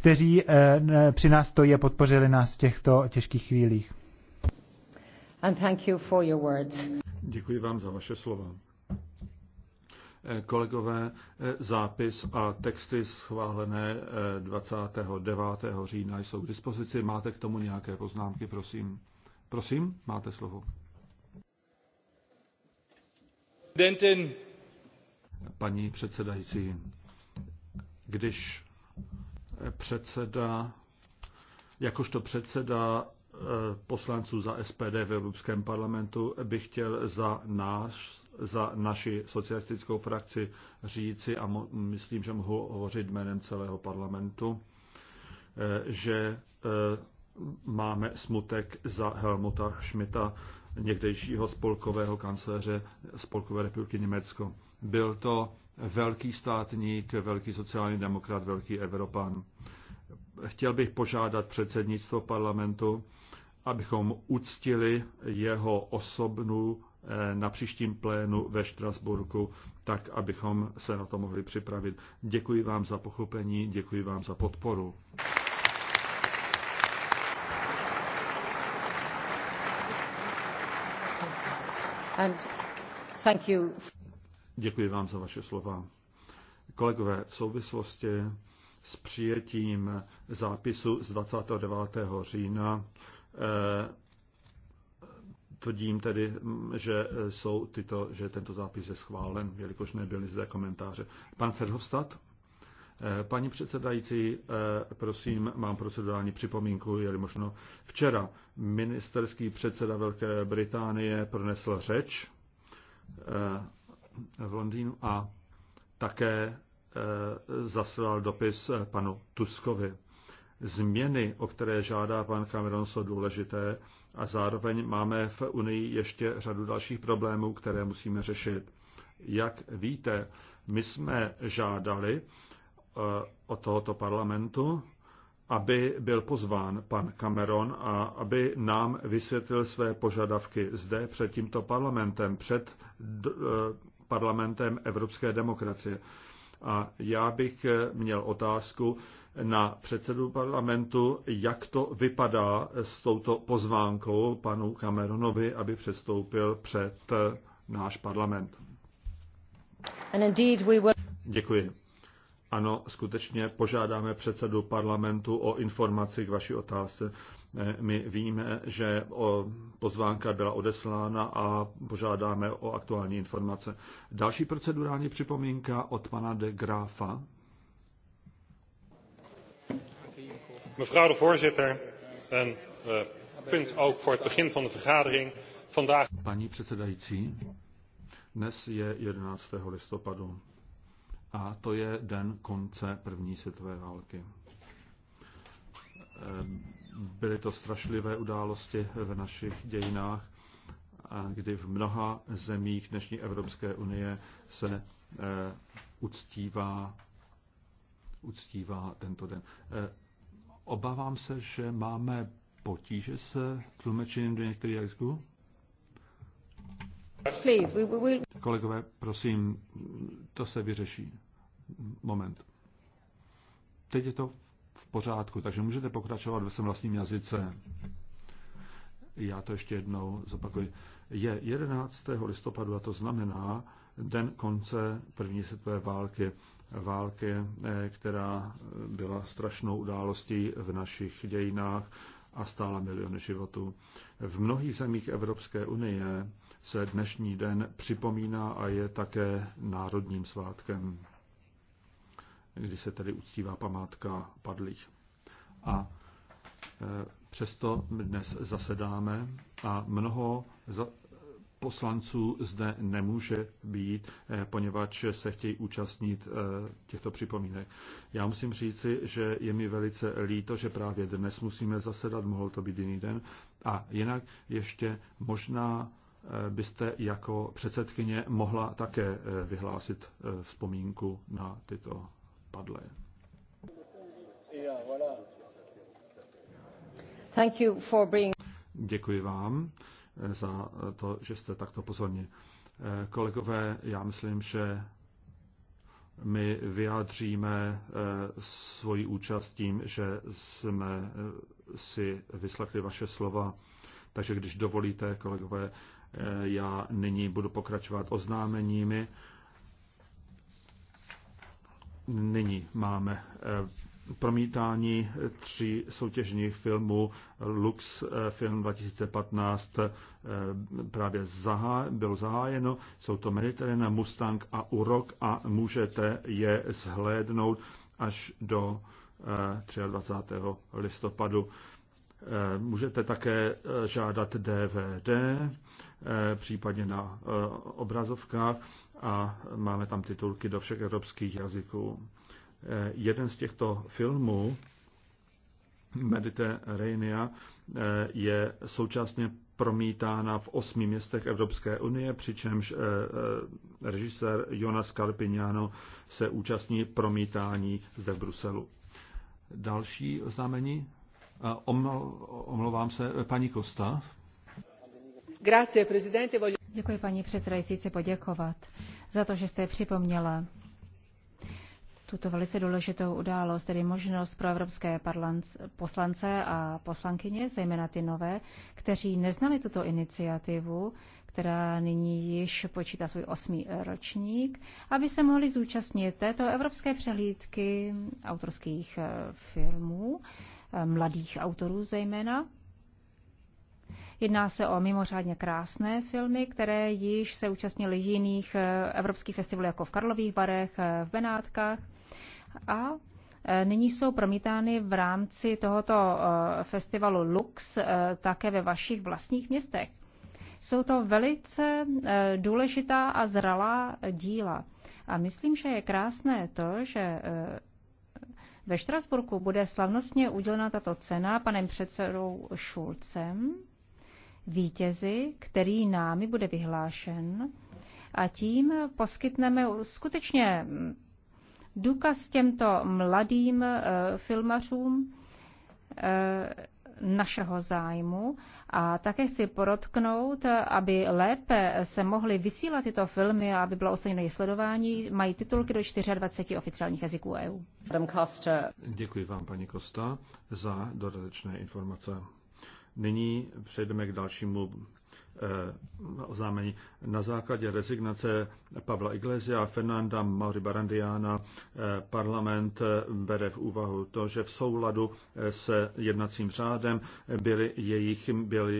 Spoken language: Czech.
kteří eh, při nás stojí a podpořili nás v těchto těžkých chvílích. And thank you for your words. Děkuji vám za vaše slova. Eh, kolegové, eh, zápis a texty schválené 29. října jsou k dispozici. Máte k tomu nějaké poznámky, prosím? Prosím, máte slovo. Paní předsedající, když předseda, jakožto předseda eh, poslanců za SPD v Evropském parlamentu bych chtěl za náš, za naši socialistickou frakci říci a myslím, že mohu hovořit jménem celého parlamentu, eh, že eh, máme smutek za Helmuta Schmidta, někdejšího spolkového kancléře Spolkové republiky Německo. Byl to velký státník, velký sociální demokrat, velký Evropan. Chtěl bych požádat předsednictvo parlamentu, abychom uctili jeho osobnu eh, na příštím plénu ve Štrasburku, tak abychom se na to mohli připravit. Děkuji vám za pochopení, děkuji vám za podporu. And thank you. Děkuji vám za vaše slova. Kolegové, v souvislosti s přijetím zápisu z 29. října eh, tvrdím tedy, mm, že, jsou tyto, že tento zápis je schválen, jelikož nebyly zde komentáře. Pan Ferhofstadt? Eh, paní předsedající, eh, prosím, mám procedurální připomínku, je možno. Včera ministerský předseda Velké Británie pronesl řeč v Londýnu a také eh, zaslal dopis eh, panu Tuskovi. Změny, o které žádá pan Cameron, jsou důležité a zároveň máme v Unii ještě řadu dalších problémů, které musíme řešit. Jak víte, my jsme žádali eh, od tohoto parlamentu, aby byl pozván pan Cameron a aby nám vysvětlil své požadavky zde před tímto parlamentem, před parlamentem evropské demokracie. A já bych eh, měl otázku na předsedu parlamentu, jak to vypadá s touto pozvánkou panu Cameronovi, aby přestoupil před eh, náš parlament. Děkuji. Ano, skutečně požádáme předsedu parlamentu o informaci k vaší otázce. My víme, že pozvánka byla odeslána a požádáme o aktuální informace. Další procedurální připomínka od pana de Grafa. Mevrouw de voorzitter, een eh, punt ook voor het begin van de vergadering. Vandaag... Paní předsedající, dnes je 11. listopadu a to je den konce první světové války. Um, Byly to strašlivé události v našich dějinách, kdy v mnoha zemích dnešní Evropské unie se eh, uctívá, uctívá tento den. Eh, obávám se, že máme potíže se tlumečením do některých jazyků. Kolegové, prosím, to se vyřeší. Moment. Teď je to v pořádku, takže můžete pokračovat ve svém vlastním jazyce. Já to ještě jednou zopakuji. Je 11. listopadu a to znamená den konce první světové války. Války, eh, která byla strašnou událostí v našich dějinách a stála miliony životů. V mnohých zemích Evropské unie se dnešní den připomíná a je také národním svátkem kdy se tady uctívá památka padlých. A e, přesto dnes zasedáme a mnoho poslanců zde nemůže být, e, poněvadž se chtějí účastnit e, těchto připomínek. Já musím říci, že je mi velice líto, že právě dnes musíme zasedat, mohl to být jiný den. A jinak ještě možná byste jako předsedkyně mohla také vyhlásit vzpomínku na tyto padlé. Thank you for being... Děkuji vám eh, za eh, to, že jste takto pozorně. Eh, kolegové, já myslím, že my vyjádříme svoji účast tím, že jsme si vyslechli vaše slova. Takže když dovolíte, kolegové, já nyní budu pokračovat oznámeními. Nyní máme eh, promítání tří soutěžních filmů. Lux eh, film 2015 eh, právě zahá, bylo zahájeno. Jsou to Mediterrana, Mustang a Urok a můžete je zhlédnout až do 23. listopadu. Můžete také žádat DVD Eh, případně na eh, obrazovkách a máme tam titulky do všech evropských jazyků. Eh, jeden z těchto filmů, Mediterrania, je současně promítána v osmi městech Evropské unie, přičemž režisér Jonas Carpignano se účastní promítání zde v Bruselu. Další oznámení? Omlouvám se, paní Kosta. Děkuji, paní předsedající, chci poděkovat za to, že jste připomněla tuto velice důležitou událost, tedy možnost pro evropské poslance a poslankyně, zejména ty nové, kteří neznali tuto iniciativu, která nyní již počítá svůj osmý ročník, aby se mohli zúčastnit této evropské přehlídky autorských eh, filmů, eh, mladých autorů zejména, Jedná se o mimořádně krásné filmy, které již se účastnily jiných eh, evropských festivalů, jako v Karlových barech, eh, v Benátkách. A eh, Nyní jsou promítány v rámci tohoto festivalu Lux také ve vašich vlastních městech. Jsou to velice důležitá a zralá díla. A myslím, že je krásné to, že ve Štrasburku bude slavnostně udělena tato cena panem předsedou Šulcem vítězi, který námi bude vyhlášen a tím poskytneme skutečně důkaz těmto mladým eh, filmařům eh, našeho zájmu a také chci porotknout, aby lépe se mohly vysílat tyto filmy a aby bylo ostatní sledování, mají titulky do 24 oficiálních jazyků EU. Děkuji vám, paní Kosta, za dodatečné informace. Nyní přejdeme k dalšímu eh, oznámení. Na základě rezignace Pavla Iglesia a Fernanda Mauri Barandiana eh, parlament eh, bere v úvahu to, že v souladu se jednacím řádem byly jejich byly